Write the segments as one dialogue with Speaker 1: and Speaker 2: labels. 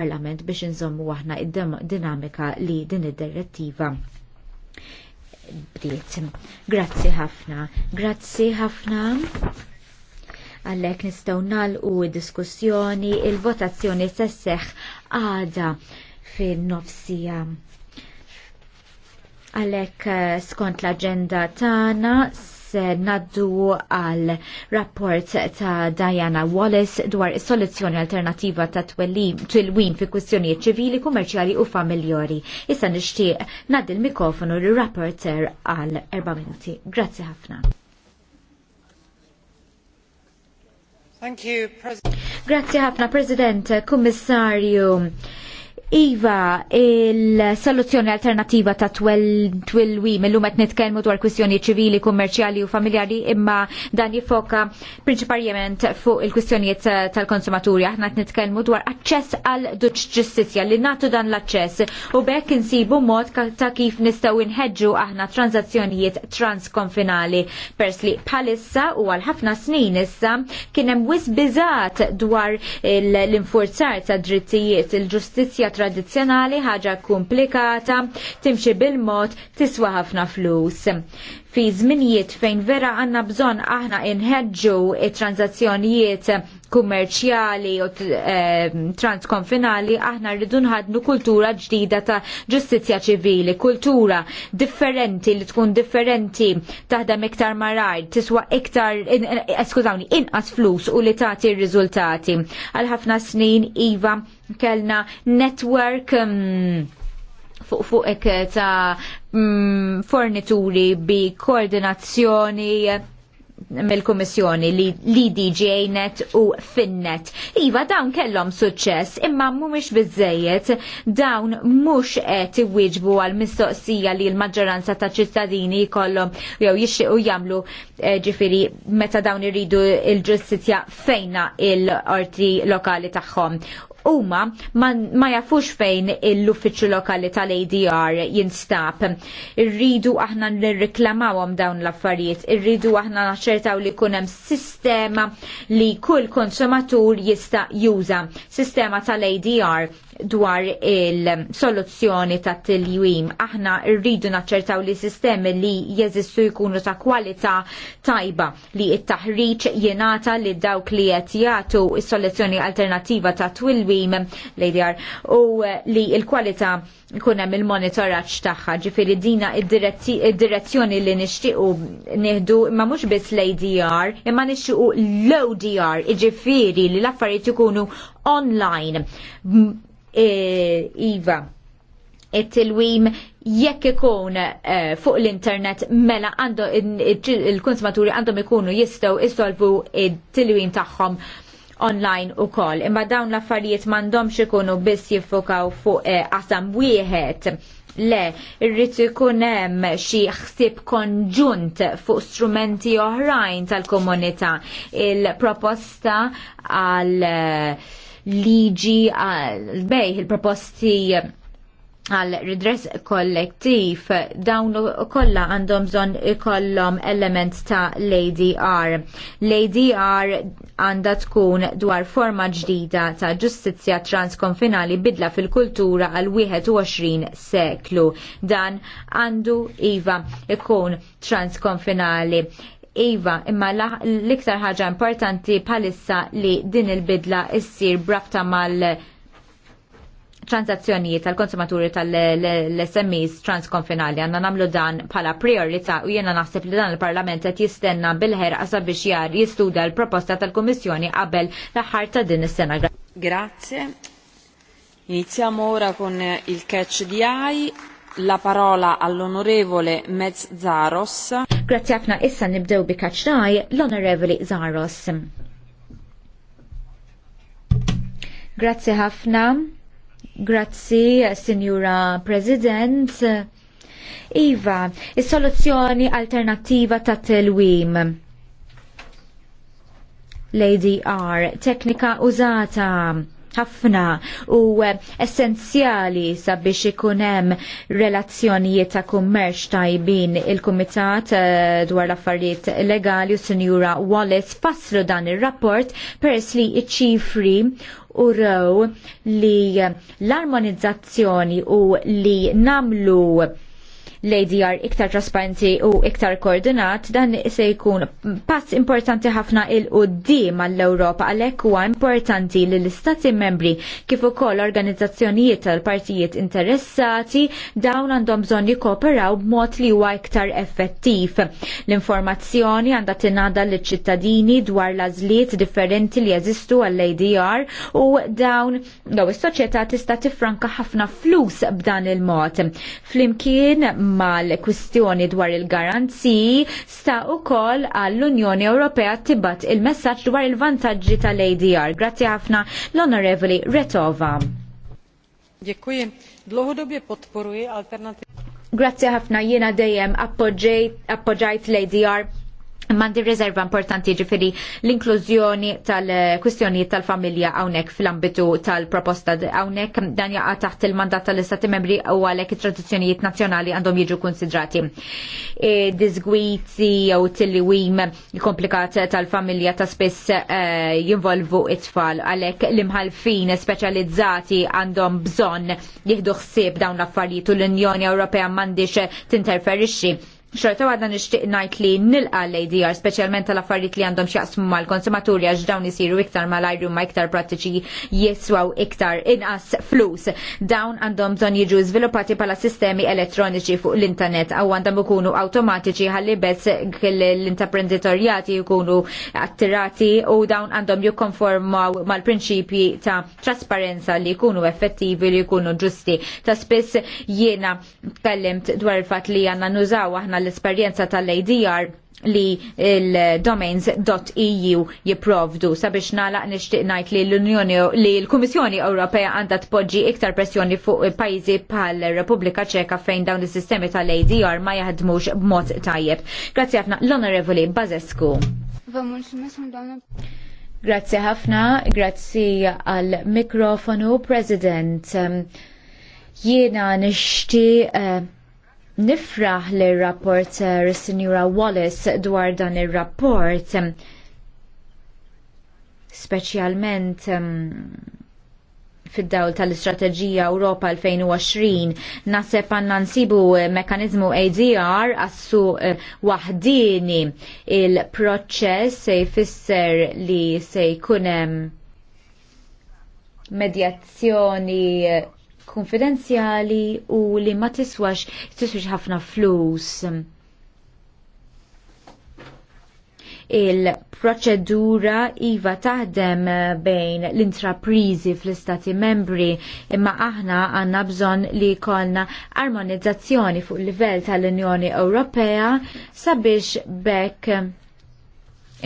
Speaker 1: parlament biex inżommu aħna id-dinamika li din id-direttiva bdiet. Grazzi ħafna, grazzi ħafna. Għallek nistaw nalqu diskussjoni, il-votazzjoni tesseħ għada fin-nofsija. Għallek eh, skont l-agenda tana se naddu għal rapport ta' Diana Wallace dwar soluzzjoni alternativa ta' twilwin fi kwistjonijiet ċivili, kummerċjali u familjori. Issa nixtieq naddi l-mikrofonu l-rapporter għal erba' minuti. Grazzi ħafna. Grazzi Grazie ħafna, President, Kummissarju. Iva, il-soluzzjoni alternativa ta' twil-wim, il lumet qed nitkellmu dwar kwistjoni ċivili, kummerċjali u familjari, imma dan jifoka prinċipalment fuq il-kwistjonijiet tal-konsumaturi. Aħna qed nitkellmu dwar aċċess għal duċ ġustizja li natu dan l-aċċess u bekk insibu mod ta' kif nistgħu inħedġu aħna tranzazzjonijiet transkonfinali pers li palissa u għal ħafna snin issa kien hemm wisbiżat dwar l-infurzar ta' drittijiet il-ġustizzja tradizzjonali ħaġa komplikata, timxi bil-mod, tiswa ħafna flus fi żminijiet fejn vera għandna bżonn aħna inħeġġu it-tranzazzjonijiet kummerċjali u ehm, transkonfinali aħna rridu nħadnu kultura ġdida ta' ġustizzja ċivili, kultura differenti li tkun differenti taħdem iktar marajr, tiswa iktar, eskużawni, inqas flus u li tagħti r-riżultati. Għal ħafna snin Iva kellna network mm, fuq fuqek eh, ta' mm, fornituri bi koordinazzjoni eh, mill-Kummissjoni li l-DGA net u Finnet. Iva, dawn kellhom suċċess, imma mhumiex biżejjed dawn mhux qed iwieġbu għall mistoqsija li l-maġġoranza ta' ċittadini jkollhom jew jixtiequ jagħmlu eh, ġifieri meta dawn iridu l-ġustizzja fejna il-qorti lokali tagħhom huma ma jafux fejn l-uffiċċju lokali tal-ADR jinstab. Irridu aħna nirreklamawhom dawn l-affarijiet, irridu aħna naċċertaw li jkun hemm sistema li kull konsumatur jista' juża, sistema tal-ADR dwar il-soluzzjoni ta' tiljwim. Aħna rridu naċċertaw li sistemi li jeżistu jkunu ta' kwalità tajba li it-taħriġ jenata li dawk li qed jagħtu s soluzzjoni alternattiva ta' twilwim lejdjar u li l-kwalità jkun hemm il-monitoraġġ tagħha. Ġifieri dina id-direzzjoni li nixtiequ nieħdu imma mhux biss l-ADR imma nixtiequ l-ODR, iġifieri li l-affarijiet ikunu online E, iva it-tilwim e jekk ikun e, fuq l-internet mela għandu il-konsumaturi għandhom ikunu jistgħu jistolvu il tilwim tagħhom online u koll. Imma dawn l-affarijiet m'għandhomx ikunu biss jiffokaw fuq qasam wieħed. Le, irrid ikun hemm xi ħsieb konġunt fuq strumenti oħrajn tal-komunità. Il-proposta għal uh, liġi għal-bejħ il-proposti għal redress kollettiv dawn kollha għandhom bżonn ikollhom element ta' Lady R. Lady R għandha tkun dwar forma ġdida ta' ġustizzja transkonfinali bidla fil-kultura għal 21 seklu. Dan għandu iva ikun transkonfinali. Iva, imma l-iktar ħaġa importanti palissa li din il-bidla issir brabta mal transazzjonijiet tal-konsumaturi tal-SMEs transkonfinali għanna namlu dan pala priorita u jena naħseb li dan il-parlament qed jistenna bil-ħerqa sabiex jar jistuda l-proposta tal-Kummissjoni qabel l-aħħar ta' din is-sena. Grazie. Iniziamo ora con il catch di AI. La parola all'onorevole Mezzaros. Grazzi ħafna issa nibdew bi kaċnaj l-Onorevoli Zaros. Grazzi ħafna. Grazzi, Signora President. Iva, is-soluzzjoni alternattiva ta' telwim Lady R, teknika użata ħafna u eh, essenzjali sabiex ikun hemm relazzjonijiet ta' kummerċ tajbin il-Kumitat eh, dwar l-affarijiet legali u Sinjura Wallace fasslu dan ir-rapport peress li iċ-ċifri u rew li l-armonizzazzjoni u li namlu l-ADR iktar trasparenti u iktar koordinat dan se jkun pass importanti ħafna il qoddim għall-Ewropa għalhekk huwa importanti li l-istati membri kif ukoll organizzazzjonijiet tal-partijiet interessati dawn għandhom bżonn jikkooperaw b'mod li huwa iktar effettiv. L-informazzjoni għandha tingħada l ċittadini dwar l differenti li jeżistu għall-ADR u dawn daw is-soċjetà tista' tifranka ħafna flus b'dan il-mod. Flimkien mal-kwistjoni dwar il-garanziji sta koll għall-Unjoni Ewropea tibat il-messaġġ dwar il-vantaġġi tal-ADR. Grazzi ħafna l honorevoli Retova. Dziękuję. Grazzi ħafna jiena dejjem appoġġajt l-ADR Mandi rezerva importanti ġifiri l-inklużjoni tal-kwistjoni tal-familja għawnek fl-ambitu tal-proposta għawnek dan jaqa taħt il-mandat tal-istati membri u għalek tradizjonijiet nazjonali għandhom jiġu konsidrati. E, Dizgwizi jew tilliwim komplikat tal-familja ta' spess e, jinvolvu it-tfal għalek l-imħalfin specializzati għandhom bżon jihduħsib dawn l-affarijiet u l-Unjoni Ewropea mandiċ tinterferixxi xorta għadna nishtiq najt li nilqa l-ADR, specialment tal-affarijiet li għandhom xjaqsmu mal-konsumaturi għax dawn isiru iktar mal-ajru ma iktar pratiċi jiswaw iktar inqas flus. Dawn għandhom bżon jiġu zviluppati pala sistemi elettroniċi fuq l-internet għaw għandhom ikunu automatiċi għalli bez l interprenditorjati jkunu attirati u dawn għandhom ma' mal-prinċipji ta' trasparenza li jkunu effettivi li jkunu ġusti. Ta' spiss jiena kellimt dwar il-fat li għanna nużaw aħna tal-esperjenza tal-ADR li il-domains.eu jiprovdu sabiex nalaq nixtieq ngħid li l-Unjoni li l-Kummissjoni Ewropea għandha tpoġġi iktar pressjoni fuq pajjiżi bħal Repubblika Ċeka fejn dawn is-sistemi tal-ADR ma jaħdmux b'mod tajjeb. Grazzi ħafna l-Onorevoli Bazescu. Grazzi ħafna, grazzi għal mikrofonu President. Jiena nixtieq eh, Nifraħ li rapport Sinjura Wallace dwar dan il-rapport speċjalment fid-dawl tal-Istrateġija Ewropa 2020 naseb għanna nsibu eh, mekanizmu ADR għassu eh, waħdini il-proċess se jfisser li se jkunem medjazzjoni eh, konfidenzjali u li ma tiswax tiswax ħafna flus. il-proċedura iva taħdem bejn l-intraprizi fl-istati membri imma aħna għanna bżon li kolna armonizzazzjoni fuq livell tal-Unjoni Ewropea sabiex bekk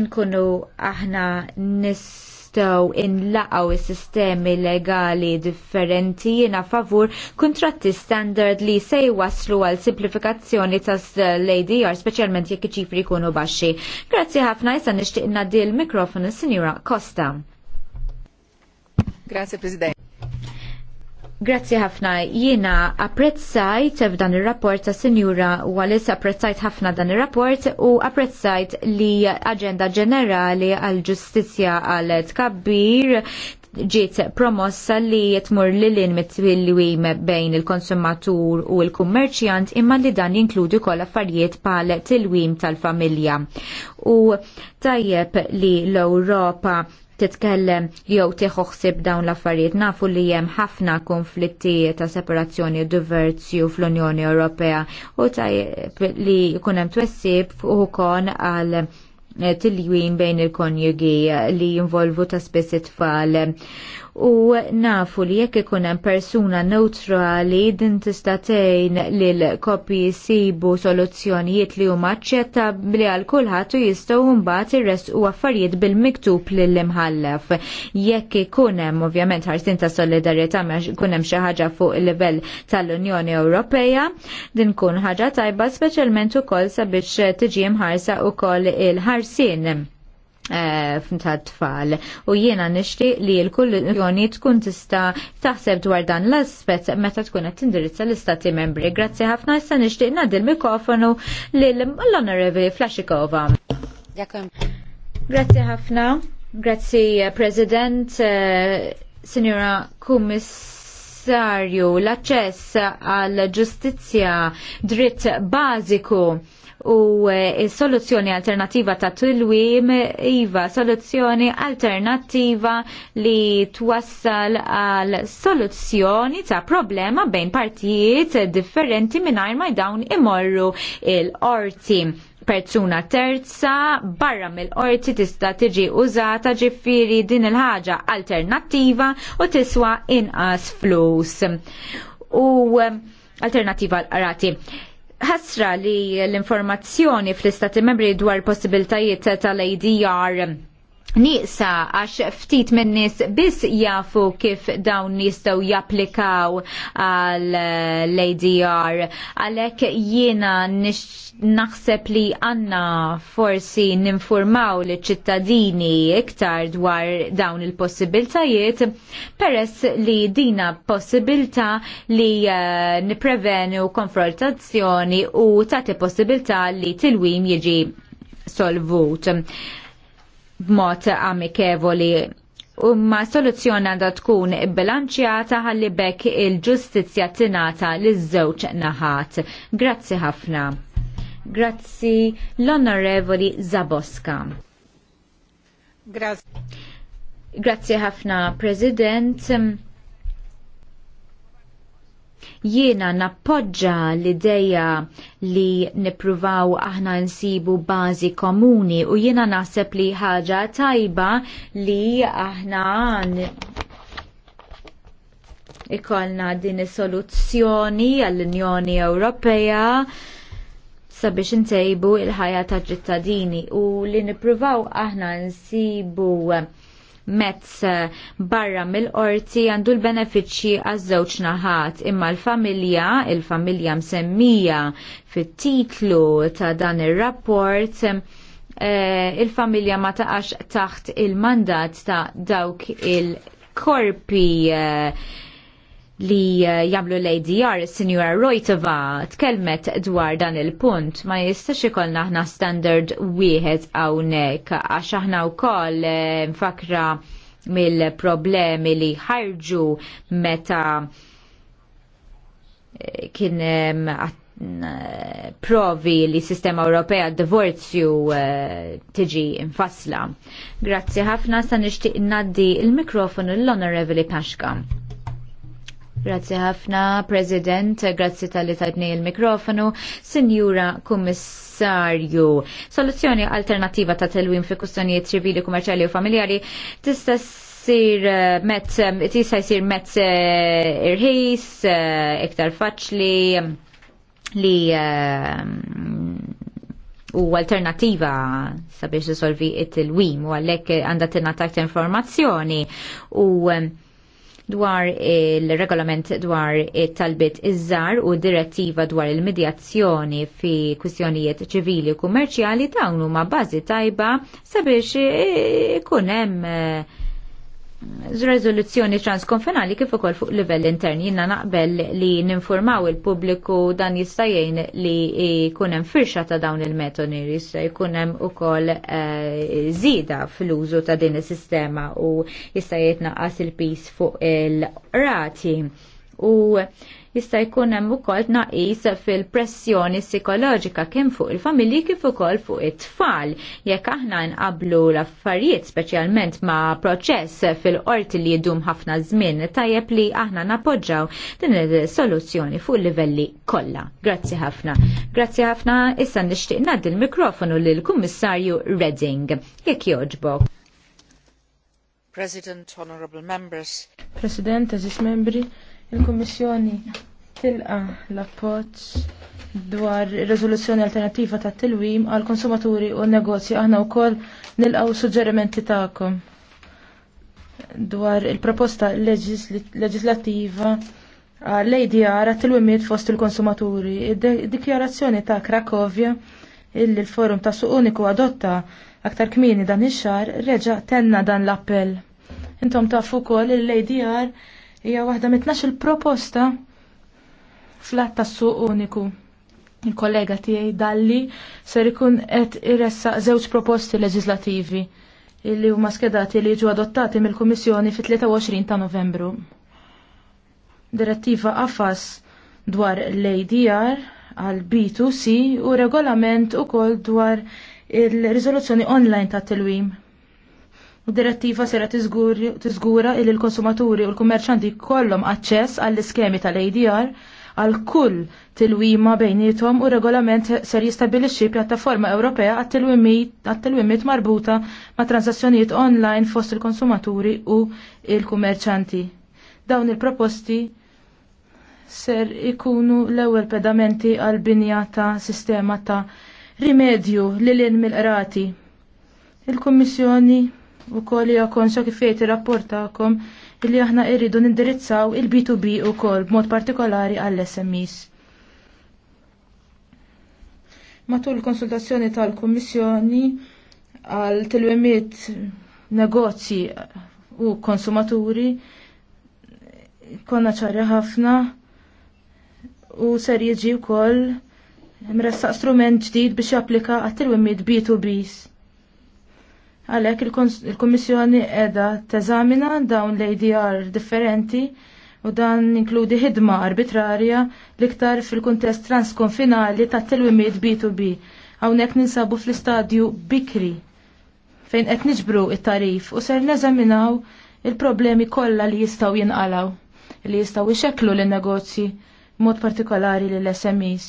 Speaker 1: inkunu aħna nis nistgħu inlaqgħu is-sistemi legali differenti jiena favur kuntratti standard li se jwaslu għal simplifikazzjoni tas-LADR eh, speċjalment jekk iċifri jkunu baxxi. Grazzi ħafna issa nixtieq ngħaddi l-mikrofonu Sinjura Costa. Grazie Presidente. Grazzi ħafna, jiena apprezzajt f'dan ir-rapport ta' Sinjura Wallis, apprezzajt ħafna dan ir-rapport u apprezzajt li aġenda ġenerali għal ġustizzja għal tkabbir ġiet promossa li jitmur li lin mit-twilwim bejn il-konsumatur u il-kummerċjant imma li dan jinkludi kol affarijiet pal tilwim tal-familja. U tajjeb li l-Europa titkellem jew tiħuħsib dawn l-affarijiet nafu li hemm ħafna konflitti ta' separazzjoni u diverzju fl-Unjoni Ewropea u tajjeb li jkun hemm twessib u kon għal Eh, tiljwin bejn il-konjugi eh, li jinvolvu ta' spessi tfal u nafu li jekk ikun hemm persuna neutrali din tista' tgħin lil koppji jsibu soluzzjonijiet li huma aċċettabbli għal kulħadd u jistgħu mbagħad irresqu affarijiet bil-miktub lill-imħallef. Jekk ikun hemm ovvjament ħarsin ta' solidarjetà ma jkun hemm xi ħaġa fuq il-livell tal-Unjoni Ewropea, din kun ħaġa tajba speċjalment ukoll sabiex tiġi mħarsa ukoll il-ħarsien Eh, ta' tfal u jiena nixtieq li l-kull tkun tista' taħseb dwar dan l-aspett meta tkun qed tindirizza l-istati membri. Grazzi ħafna issa nixtieq ngħaddi l-mikrofonu lill-Honorable Flashikova. Grazzi ħafna. Grazzi eh, President, eh, Signora Kummissar l-aċċess għal ġustizzja dritt bażiku u e, soluzzjoni alternativa ta' tilwim iva soluzzjoni alternativa li twassal għal soluzzjoni ta' problema bejn partijiet differenti mingħajr ma dawn imorru il-orti persuna terza barra mill-qorti tista' tiġi użata ġifiri din il-ħaġa alternattiva u tiswa inqas flus. U e, alternativa l-qrati ħasra li l-informazzjoni fl-istati membri dwar possibbiltajiet tal-ADR Nisa għax ftit minn nies biss jafu kif dawn jistgħu japplikaw għal adr għalhekk jiena naħseb li għandna forsi ninformaw li ċittadini iktar dwar dawn il-possibiltajiet peress li dina possibilità li uh, niprevenu konfrontazzjoni u tagħti possibilta li tilwim jiġi solvut b'mod amikevoli umma soluzzjoni għandha tkun bilanċjata ħalli bekk il-ġustizzja tingħata liż-żewġ naħat. Grazzi ħafna. Grazzi l-Onorevoli Zaboska. Grazzi. Grazzi ħafna, President jiena nappoġġa l-ideja li nipruvaw aħna nsibu bażi komuni u jiena naħseb li ħaġa tajba li aħna ikolna din is-soluzzjoni għall-Unjoni Ewropea sabiex ntejbu il-ħajja ta' ċittadini u li nippruvaw aħna nsibu mezz eh, barra mill-qorti għandu l-benefiċċji għaż-żewġ naħat imma l-familja, il-familja msemmija fit-titlu ta' dan ir-rapport eh, il-familja ma taqax taħt il-mandat ta' dawk il-korpi eh, li eh, jagħmlu l-ADR, Sinjura Rojtova, tkellmet dwar dan il-punt, ma jistax ikollna aħna standard wieħed hawnhekk għax aħna wkoll mfakra eh, mill-problemi li ħarġu meta eh, kien provi li sistema Ewropea divorzju tiġi infasla. Grazzi ħafna sa nixtieq ngħaddi il-mikrofonu l honorable Paxka. Grazzi ħafna, President, grazie tal-li tajtni il-mikrofonu, Sinjura Kummissarju. Soluzzjoni alternativa ta' telwim fi kustonijiet ċivili, kummerċali u familjari tista' sir eh, met, eh, tista' jisir met eh, irħis, iktar faċli li u alternativa sabiex solvi it-tilwim u għallek għanda nata informazzjoni u dwar il-regolament dwar it-talbit iż-żar u direttiva dwar il-medjazzjoni fi kwistjonijiet ċivili u kummerċjali dawn huma bażi tajba sabiex ikun hemm eh, rezoluzzjoni transkonfinali kif ukoll fuq livell intern jina naqbel li ninformaw il-pubbliku dan jista' li jkun hemm firxa ta' dawn il-metodi jista' jkun hemm ukoll żieda eh, fl-użu ta' din is-sistema u jista' jitnaqqas il-pis fuq il-rati. il il pis fuq il rati u jista' jkun hemm ukoll tnaqis fil-pressjoni psikoloġika kemm fuq il-familji kif ukoll fuq it-tfal. Jekk aħna nqablu l-affarijiet speċjalment ma' proċess fil-qorti li jdum ħafna żmien tajjeb li aħna napoġġaw din is soluzzjoni fuq livelli kollha. Grazzi ħafna. Grazzi ħafna issa nixtieq ngħaddi l-mikrofonu lill-Kummissarju Redding. Jekk jogħġbok.
Speaker 2: President, honorable members.
Speaker 1: President, eżis membri,
Speaker 2: Il-Kummissjoni tilqa l-appoġġ dwar ir-riżoluzzjoni alternattiva ta' tilwim għal konsumaturi u negozji aħna wkoll nilqgħu suġġerimenti tagħkom dwar il-proposta leġislattiva għal ADR għat tilwimiet fost il-konsumaturi. Id-dikjarazzjoni ta' Krakovja illi l-forum ta' suq uniku adotta aktar kmieni dan ix-xar reġa' tenna dan l-appell. Intom tafu kol il-ADR hija waħda mitnax il-proposta flat tas suq uniku. Il-kollega tiegħi dalli ser ikun qed iressaq żewġ proposti leġislativi illi huma skedati li jiġu adottati mill-Kummissjoni fit-23 ta' Novembru. Direttiva Afas dwar l-ADR għal B2C u regolament ukoll dwar il-riżoluzzjoni online ta' tilwim Direttiva sera tiżgura il l-konsumaturi u l-kummerċanti kollom aċċess għall-iskemi tal-ADR għal kull tilwima bejnietom u regolament ser jistabilixxi pjattaforma Ewropea għat-tilwimiet marbuta ma' transazzjonijiet online fost il-konsumaturi u il-kummerċanti. Dawn il-proposti ser ikunu l-ewwel pedamenti għal binja ta' sistema ta' rimedju lil mill-qrati. Il-Kummissjoni u koll li konxa kif jgħid ir-rapportakom illi aħna irridu nindirizzaw il-B2B u koll b'mod partikolari għall-SMEs. Matul konsultazzjoni tal-Kummissjoni għal tilwimiet negozji u konsumaturi konna ċarja ħafna u ser jiġi wkoll mressaq strument ġdid biex japplika għat-tilwimiet B2Bs Għalhekk il-Kummissjoni qiegħda teżamina dawn l-ADR differenti u dan inkludi ħidma arbitrarja l-iktar fil-kuntest transkonfinali ta' tilwimiet B2B. Hawnhekk ninsabu fl-istadju bikri fejn qed niġbru it-tarif u ser neżaminaw il-problemi kollha li jistgħu jinqalaw li jistgħu ixekklu lin-negozji mod partikolari lill SMEs.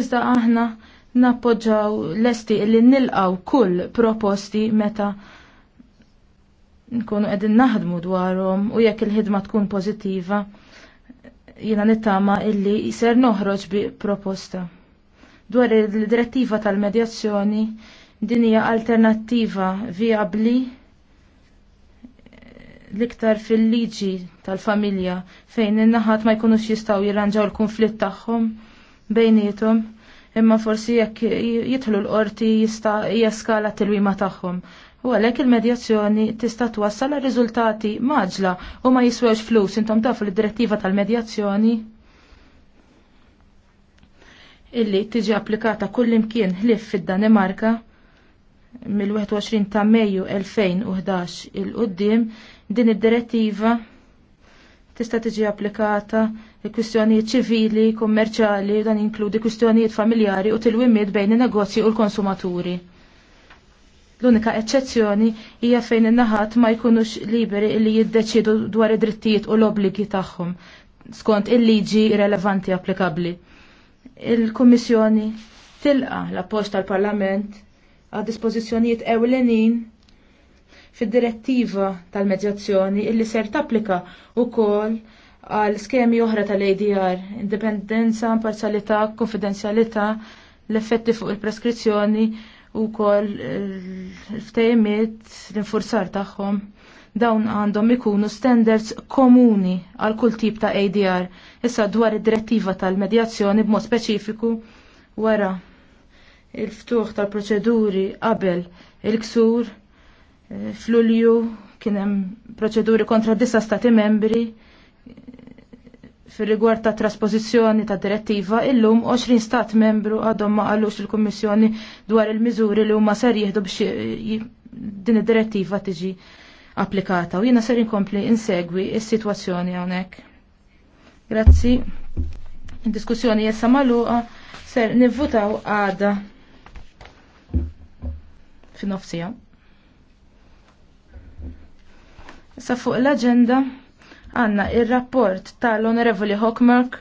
Speaker 2: Iżda aħna nappoġġaw lesti li nilqaw kull proposti meta nkunu qegħdin naħdmu dwarhom u jekk il-ħidma tkun pożittiva jiena nittama illi jser noħroġ bi proposta. Dwar il-direttiva tal-medjazzjoni din hija alternattiva viabli eh, l-iktar fil-liġi tal-familja fejn in-naħat ma jkunux jistgħu jirranġaw il-konflitt tagħhom bejnietom imma forsi jekk jidħlu l-qorti jista' jeskala t-tilwima tagħhom. U għalhekk il-medjazzjoni tista' twassal riżultati maġla u ma jiswewx flus intom tafu l-direttiva tal-medjazzjoni illi tiġi applikata kull imkien ħlif fid-Danimarka mill-21 ta' Mejju 2011 il-qoddim din id-direttiva tista' tiġi applikata kwistjonijiet ċivili, kummerċali, dan inkludi kwistjonijiet familjari u tilwimiet bejn in-negozji u l-konsumaturi. L-unika eċċezzjoni hija fejn in-naħat ma jkunux liberi li jiddeċidu dwar id-drittijiet u l-obbligi tagħhom skont il-liġi relevanti applikabli. Il-Kummissjoni tilqa l-appoġġ tal-Parlament għad dispożizzjonijiet ewlenin fid-direttiva tal-medjazzjoni illi ser tapplika wkoll għal skemi oħra tal-ADR, indipendenza, imparzjalità, konfidenzjalità, l-effetti fuq il-preskrizzjoni u kol l-ftejmiet l-infurzar tagħhom. Dawn għandhom ikunu standards komuni għal kull tip ta' ADR. Issa dwar id-direttiva tal-medjazzjoni b'mod speċifiku wara il-ftuħ tal-proċeduri qabel il-ksur eh, fl-ulju kien hemm proċeduri kontra disa stati membri Fil-rigward ta' trasposizjoni ta' direttiva, illum 20 stat membru għadhom ma qalux il-Kummissjoni dwar il-miżuri li huma ser jieħdu biex din id-direttiva tiġi applikata u jiena ser inkompli insegwi is-sitwazzjoni hawnhekk. Grazzi. Id-diskussjoni jessa magħluqa ser nivvutaw għada fin-nofsija. Issa fuq l-aġenda għanna il-rapport tal-Onorevoli Hockmark